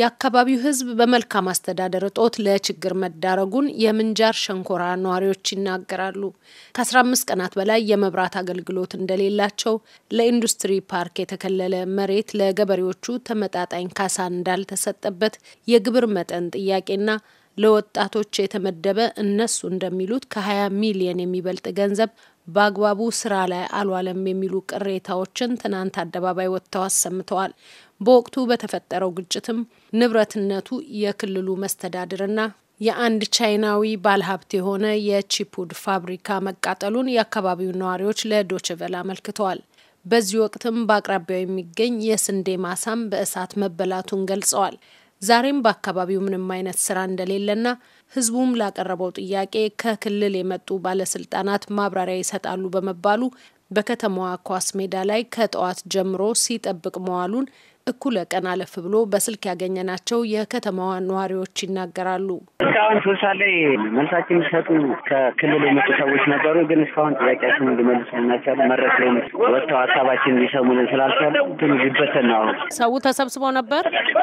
የአካባቢው ሕዝብ በመልካም አስተዳደር እጦት ለችግር መዳረጉን የምንጃር ሸንኮራ ነዋሪዎች ይናገራሉ። ከ15 ቀናት በላይ የመብራት አገልግሎት እንደሌላቸው፣ ለኢንዱስትሪ ፓርክ የተከለለ መሬት ለገበሬዎቹ ተመጣጣኝ ካሳ እንዳልተሰጠበት፣ የግብር መጠን ጥያቄና ለወጣቶች የተመደበ እነሱ እንደሚሉት ከ20 ሚሊየን የሚበልጥ ገንዘብ በአግባቡ ስራ ላይ አልዋለም የሚሉ ቅሬታዎችን ትናንት አደባባይ ወጥተው አሰምተዋል። በወቅቱ በተፈጠረው ግጭትም ንብረትነቱ የክልሉ መስተዳድርና የአንድ ቻይናዊ ባለሀብት የሆነ የቺፑድ ፋብሪካ መቃጠሉን የአካባቢው ነዋሪዎች ለዶችቨል አመልክተዋል። በዚህ ወቅትም በአቅራቢያው የሚገኝ የስንዴ ማሳም በእሳት መበላቱን ገልጸዋል። ዛሬም በአካባቢው ምንም አይነት ስራ እንደሌለና ህዝቡም ላቀረበው ጥያቄ ከክልል የመጡ ባለስልጣናት ማብራሪያ ይሰጣሉ በመባሉ በከተማዋ ኳስ ሜዳ ላይ ከጠዋት ጀምሮ ሲጠብቅ መዋሉን እኩለ ቀን አለፍ ብሎ በስልክ ያገኘናቸው የከተማዋ ነዋሪዎች ይናገራሉ። እስካሁን ሶሳ ላይ መልሳችን የሚሰጡ ከክልል የመጡ ሰዎች ነበሩ፣ ግን እስካሁን ጥያቄያችን እንዲመልሱልን ልናቻሉ መድረክ ላይ ወጥተው ሀሳባችን ሊሰሙልን ስላልቻሉ ግበተን ነው። ሰው ተሰብስበው ነበር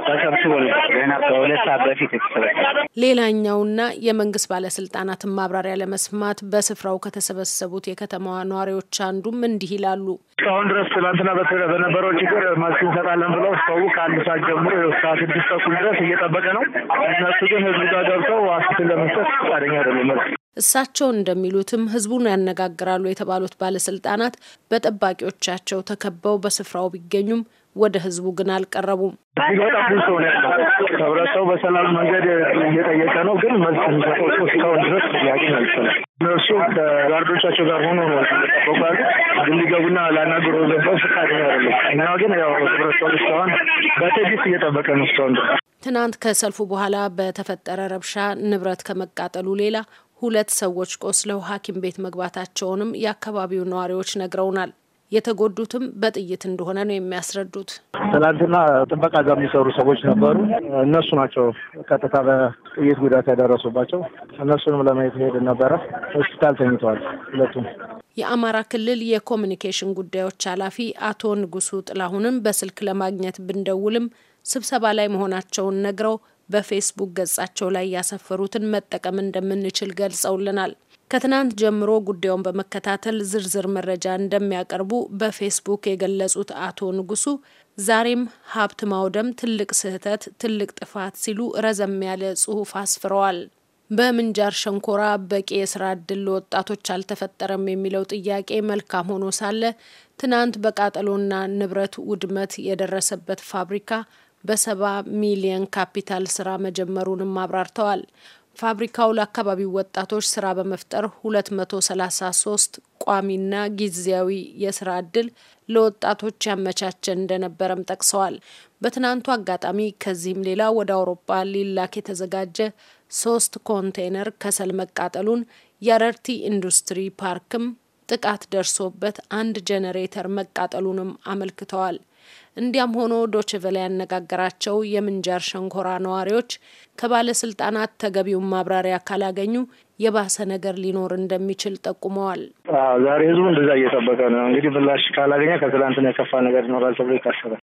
ተሰብስቦ ነበር ገና ከሁለት ሰዓት በፊት የተሰበሰበ ሌላኛውና የመንግስት ባለስልጣናትን ማብራሪያ ለመስማት በስፍራው ከተሰበሰቡት የከተማዋ ነዋሪዎች አንዱም እንዲህ ይላሉ። እስካሁን ድረስ ትላንትና በነበረው ችግር መልስ እንሰጣለን ብሎ ሰው ከአንድ ሰዓት ጀምሮ ሰዓት ስድስት ተኩል ድረስ እየጠበቀ ነው። እነሱ ግን ህዝቡ ጋር ገብተው አስትን ለመስጠት ፈቃደኛ አይደሉም። እሳቸው እንደሚሉትም ህዝቡን ያነጋግራሉ የተባሉት ባለስልጣናት በጠባቂዎቻቸው ተከበው በስፍራው ቢገኙም ወደ ህዝቡ ግን አልቀረቡም። ህብረተሰቡ በሰላም መንገድ እየጠየቀ ነው፣ ግን መልስ የሚሰጠው ሰው እስካሁን ድረስ ሊያገኝ አልቻለም። እነሱ ከጋርዶቻቸው ጋር ሆኖ ነው ጠበቁ ግን ሊገቡና ላናግሩ ዘበው ፍቃደኛ አይደለም። እኛ ግን ያው ህብረተሰቡ እስካሁን በትዕግስት እየጠበቀ ነው እስካሁን ድረስ። ትናንት ከሰልፉ በኋላ በተፈጠረ ረብሻ ንብረት ከመቃጠሉ ሌላ ሁለት ሰዎች ቆስለው ሐኪም ቤት መግባታቸውንም የአካባቢው ነዋሪዎች ነግረውናል። የተጎዱትም በጥይት እንደሆነ ነው የሚያስረዱት። ትላንትና ጥበቃ ጋር የሚሰሩ ሰዎች ነበሩ። እነሱ ናቸው ቀጥታ በጥይት ጉዳት ያደረሱባቸው። እነሱንም ለማየት ሄድ ነበረ። ሆስፒታል ተኝተዋል ሁለቱም። የአማራ ክልል የኮሚኒኬሽን ጉዳዮች ኃላፊ አቶ ንጉሱ ጥላሁንም በስልክ ለማግኘት ብንደውልም ስብሰባ ላይ መሆናቸውን ነግረው በፌስቡክ ገጻቸው ላይ ያሰፈሩትን መጠቀም እንደምንችል ገልጸውልናል። ከትናንት ጀምሮ ጉዳዩን በመከታተል ዝርዝር መረጃ እንደሚያቀርቡ በፌስቡክ የገለጹት አቶ ንጉሱ ዛሬም ሀብት ማውደም ትልቅ ስህተት፣ ትልቅ ጥፋት ሲሉ ረዘም ያለ ጽሑፍ አስፍረዋል። በምንጃር ሸንኮራ በቂ የስራ እድል ለወጣቶች አልተፈጠረም የሚለው ጥያቄ መልካም ሆኖ ሳለ ትናንት በቃጠሎና ንብረት ውድመት የደረሰበት ፋብሪካ በሰባ ሚሊየን ካፒታል ስራ መጀመሩንም አብራርተዋል። ፋብሪካው ለአካባቢው ወጣቶች ስራ በመፍጠር 233 ቋሚና ጊዜያዊ የስራ እድል ለወጣቶች ያመቻቸ እንደነበረም ጠቅሰዋል። በትናንቱ አጋጣሚ ከዚህም ሌላ ወደ አውሮፓ ሊላክ የተዘጋጀ ሶስት ኮንቴይነር ከሰል መቃጠሉን የአረርቲ ኢንዱስትሪ ፓርክም ጥቃት ደርሶበት አንድ ጄኔሬተር መቃጠሉንም አመልክተዋል። እንዲያም ሆኖ ዶችቨለ ያነጋገራቸው የምንጃር ሸንኮራ ነዋሪዎች ከባለስልጣናት ተገቢውን ማብራሪያ ካላገኙ የባሰ ነገር ሊኖር እንደሚችል ጠቁመዋል። ዛሬ ህዝቡ እንደዛ እየጠበቀ ነው። እንግዲህ ምላሽ ካላገኘ ከትላንትና የከፋ ነገር ይኖራል ተብሎ ይታሰባል።